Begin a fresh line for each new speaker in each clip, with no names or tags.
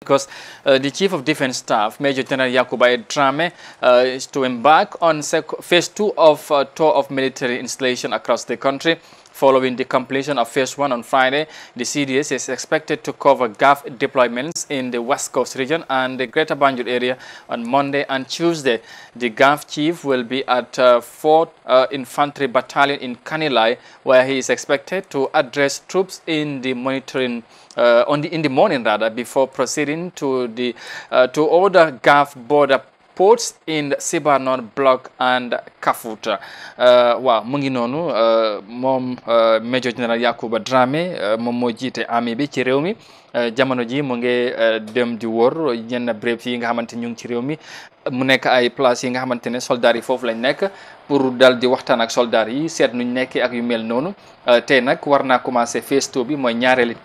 because uh, the Chief of Defense Staff, Major General Yakubai Drame, uh, is to embark on phase uh, tour of military installation across the country Following the completion of phase one on Friday, the CDS is expected to cover GAF deployments in the West Coast region and the Greater Banjul area on Monday and Tuesday. The GAF chief will be at uh, uh Infantry Battalion in Kanilai, where he is expected to address troops in the uh, morning rather before proceeding to the uh, to border ports in Sibanor Block and Kafouta euh, waaw mu ngi noonu euh, moom euh, Major General Yakuba Dramé moom moo jiite ami bi ci réew mi jamono ji mu ngi dem di wóor ñenn béréb yi nga xamante ñu ngi ci réew mi mu nekk ay yi nga xamante ne soldats yi foofu lañ nekk pour dal di waxtaan ak soldats yi seet nuñ nekkee ak yumel mel noonu tey nag war naa commencé phase two bi mooy ñaareeli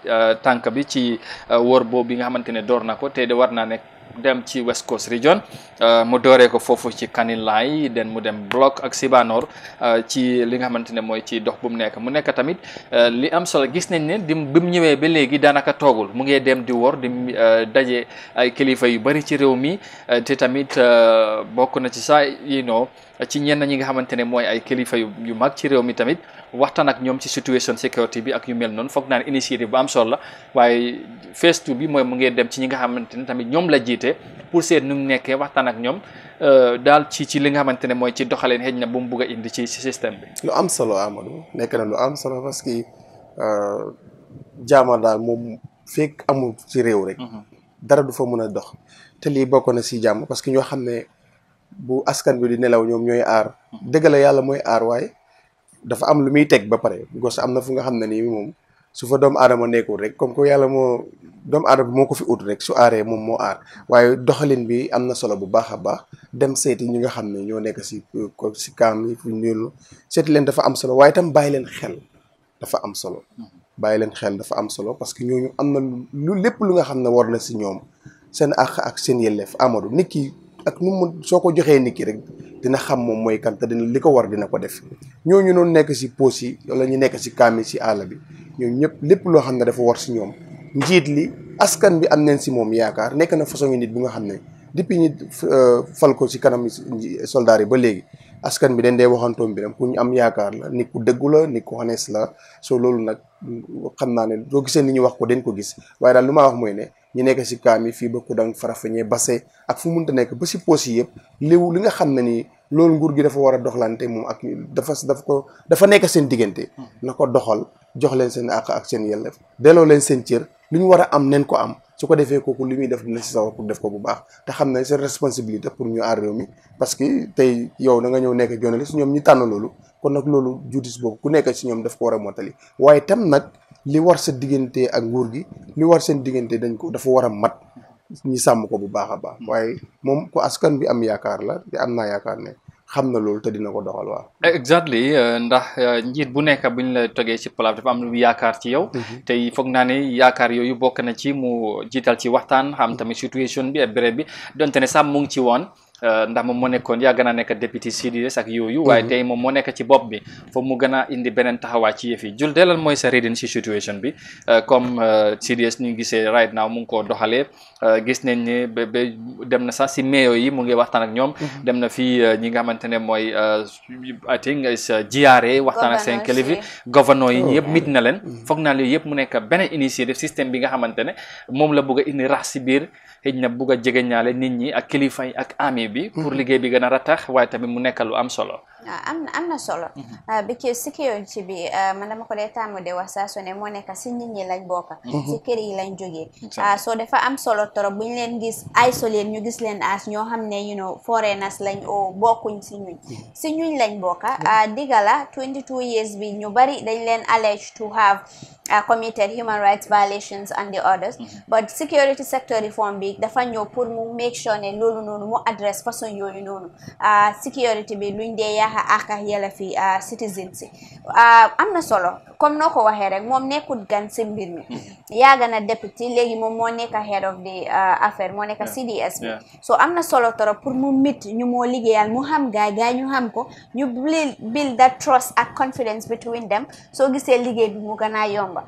tànk bi ci wóor boobu bi nga xamante ne door na ko war naa nekk dem ci West Coast Region euh, mu dooree ko foofu ci Kanilaay den mu dem Bloc ak Sibanor euh, ci li nga xamante ne mooy ci dox bu mu nekk mu nekk tamit euh, li am solo gis nañ ne dim bi ñëwee ba léegi daanaka toogul mu ngee dem di wor di daje ay kilifa yu bari ci réew mi te tamit bokk na ci saa yi noo ci ñenn ñi nga xamante ne mooy ay kilifa yu yu mag ci réew mi tamit waxtaan ak ñoom ci situation security bi ak yu mel noonu foog naa ne initiative bu am solo la waaye phase two bi mooy mu ngee dem ci ñi nga xamante ne tamit ñoom la jiite pour seet nu nekkee waxtaan ak ñoom euh, daal ci ci li nga xamante ne mooy ci doxaleen xëy na bu mu bugg a indi ci ci bi.
lu am solo Amadou nekk na lu am solo parce que euh, jaama daal moom fekk amul ci réew rek. Mhm. dara du fa mun a dox te lii bokk na si jàmm parce que ñoo xam ne bu askan bi di nelaw ñoom ñooy aar. Mhm. dëgg yàlla mooy aar dafa am lu muy teg ba pare gos am na fu nga xam ne nii moom su fa doomu aadama nekkul rek comme que yàlla moo doomu aadama moo ko fi ut rek su aaree moom moo aar waaye doxalin bi am na solo bu baax a baax dem seeti ñi nga xam ne ñoo nekk si si kaam yi ñuul seeti leen dafa am solo waaye itam bàyyi leen xel dafa am solo bàyyi leen xel dafa am solo parce que ñooñu am na lu lépp lu nga xam ne war na si ñoom seen àq ak seen yelleef Amadou nit ki ak nu mu soo ko joxee nit ki rek dina xam moom mooy kan te dina li ko war dina ko def ñu noonu nekk si poos yi wala ñu nekk si kaam yi si àll bi ñooñu ñëpp lépp loo xam ne dafa war si ñoom njiit li askan bi am neen si moom yaakaar nekk na façon nit bi nga xam ne depuis ñi euh, fal ko si kanam soldaar yi ba léegi askan bi dañ dee waxantoo mbiram ku ñu am yaakaar la nit ku dëggu la nit ku honnête la soo loolu nag xam naa ne soo gisee ni ñu wax ko dañ ko gis waaye daal lu ma wax mooy ne ñu nekk si kaam yi fii ba Kudang Farafeñe Basse ak fu munta nekk ba si poos yi yëpp léewu li nga xam ne ni loolu nguur gi dafa war a doxlante moom ak dafa dafa ko dafa nekk seen diggante na ko doxal jox leen seen àq ak seen yelleef delloo leen seen cër lu ñu war a am neen ko am su ko defee kooku li muy def dina si sawar pour def ko bu baax te xam ne seen responsabilité pour ñu aar réew mi parce que tey yow da nga ñëw nekk journaliste ñoom ñu tànn loolu kon nag loolu juutis boobu ku nekk ci ñoom daf ko war a mottali waaye tam nag li war sa diggante ak nguur gi li war seen diggante dañ ko dafa war a mat ñi sàmm ko bu baax a baax waaye moom ko askan bi am yaakaar la te am naa yaakaar ne xam na loolu te dina ko doxal waaw.
exactly ndax uh, njiit bu nekk bu ñu la toggee ci palaab dafa am lu yaakaar ci yow. Mhm. tey foog naa ne yaakaar yooyu bokk na ci mu jiital ci waxtaan xam tamit situation bi ak bi donte ne sax mu ngi ci woon. Eh, ndax moom moo nekkoon yaa gën a nekk député CDS ak yooyu. waaye mhm. tey moom moo nekk ci bopp bi foofu mu gën a indi beneen taxawaay ci yëf yi jul de mooy sa reading si situation bi eh, comme eh, CDS ñu gisee right now mu ngi koo doxalee gis nañ ne ba ba dem na sax si meyo yi mu ngi waxtaan ak ñoom. Mhm. dem na fii ñi nga xamante ne mooy I think GRA waxtaan ak seen kilifi gouverneur yi yëpp oh. mit na leen. Mhm. foog naa loolu yëpp mu nekk beneen initiative système bi nga xamante ne moom la bëgg indi rax si biir xëy na bëgg a ñaale nit ñi ak kilifa yi ak ami bi pour mhm. liggéey bi gën a ratax waaye tamit mu nekk lu am solo
Ah, am na am na solo. Mhm. Ah, bi kii si kiyoonci bi ah, man dama ko dee taamu de wax saa ne moo nekk si nit ñi lañ bokk. Mhm. si kër yi lañ jógee. soo dafa am solo torop bu ñu leen gis isolé ñu gis leen as ñoo xam ne you know foreigners lañ oo oh, bokkuñ si ñuñ mhm. si ñuñ lañ bokk. digga la 22 years bi ñu bari dañ leen alleged to have. Uh, committed human rights violations and the others mm -hmm. but security sector reform bi dafa ñëw pour mu make sure ne loolu noonu mu address façon yooyu noonu security bi luñ ak ak yelleef yi ah, citizens si ah, am na solo kom noo ko waxee rek moom nekkul gan si mbir mi hmm. yàgg na député léegi moom moo nekk head of the ah, affaire moo nekk CDS bi so am na solo trop pour mu mit ñu moo liggéeyal mu xam gaay gaay ñu xam ko ñu build that trust ak confidence between them soo gisee liggéey bi mu gën a yomba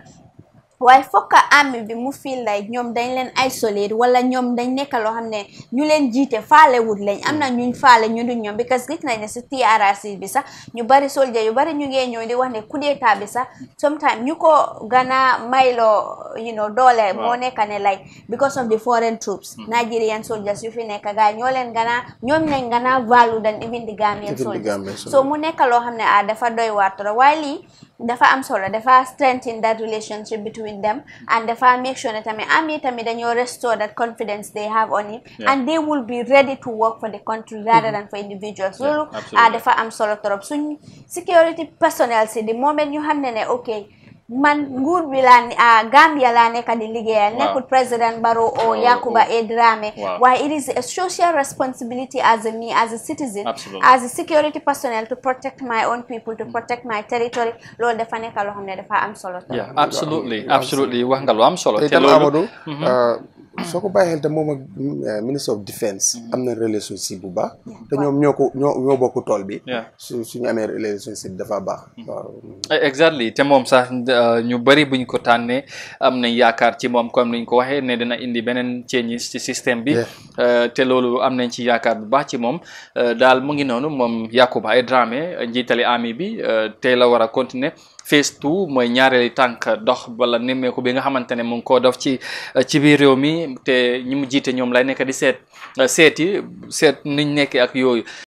waaye fokka army bi mu feel like ñoom dañ leen isolate wala ñoom dañ nekk loo xam ne ñu leen jiite faale wut lañ am na ñuñ faale ñu du ñoom because gis nañ ne si TRRC bi sax ñu bari soldier yu bari ñu ngee ñëw di wax ne coup d'état bi sax sometime ñu ko gana mayloo you know doole moo nekk ne like because of the foreign troops hmm. Nigerian soldiers yu fi nekk gaa ñoo leen gana ñoom lañ gana value than even the Gambian soldiers so mu nekk loo xam ne ah dafa doy waar dafa am solo dafa strengthen that relationship between them and dafa make sure ne tamit am yi tamit dañoo restore that confidence they have on him and they will be ready to work for the country rather mm-hmm. than for individuals loolu ah, dafa am solo torop suñ security personnel si the moment ñu xam ne ne okay man nguur bi laa ah, Gambia laa nekka di liggéeyal nekkul président Barrow o Yakuba A Drame waaye it is a social responsibility as a me as a citizen as a security personnel to protect my own people to protect my territory loolu dafa nekka loo xam ne dafa am
solo absolutely absolutely wax nga lu am solo te loolu mm-hmm. uh, Mm. soo ko bàyyi xel
te moom ak euh, ministre of defence mm-hmm. am na relationship bu baax te ñoom ñoo ko ñoo ñoo bokk tool bi su suñu amee relationship dafa baax mm-hmm. waaw
eh, exactly te moom sax euh, ñu bëri buñ ko tànnee am nañ yaakaar ci moom comme niñ ko waxee ne dina indi beneen changes ci système bi euh, te loolu am nañ ci yaakaar bu baax ci moom daal mu ngi noonu moom Yakuba ay drame njiitali ami bi tey la war a continuer phase two mooy ñaareeli tànk dox bala nemmeeku bi nga xamante ne mu ngi koo def ci ci biir réew mi te ñi mu jiite ñoom lay nekk di seet seeti seet niñ nekkee ak yooyu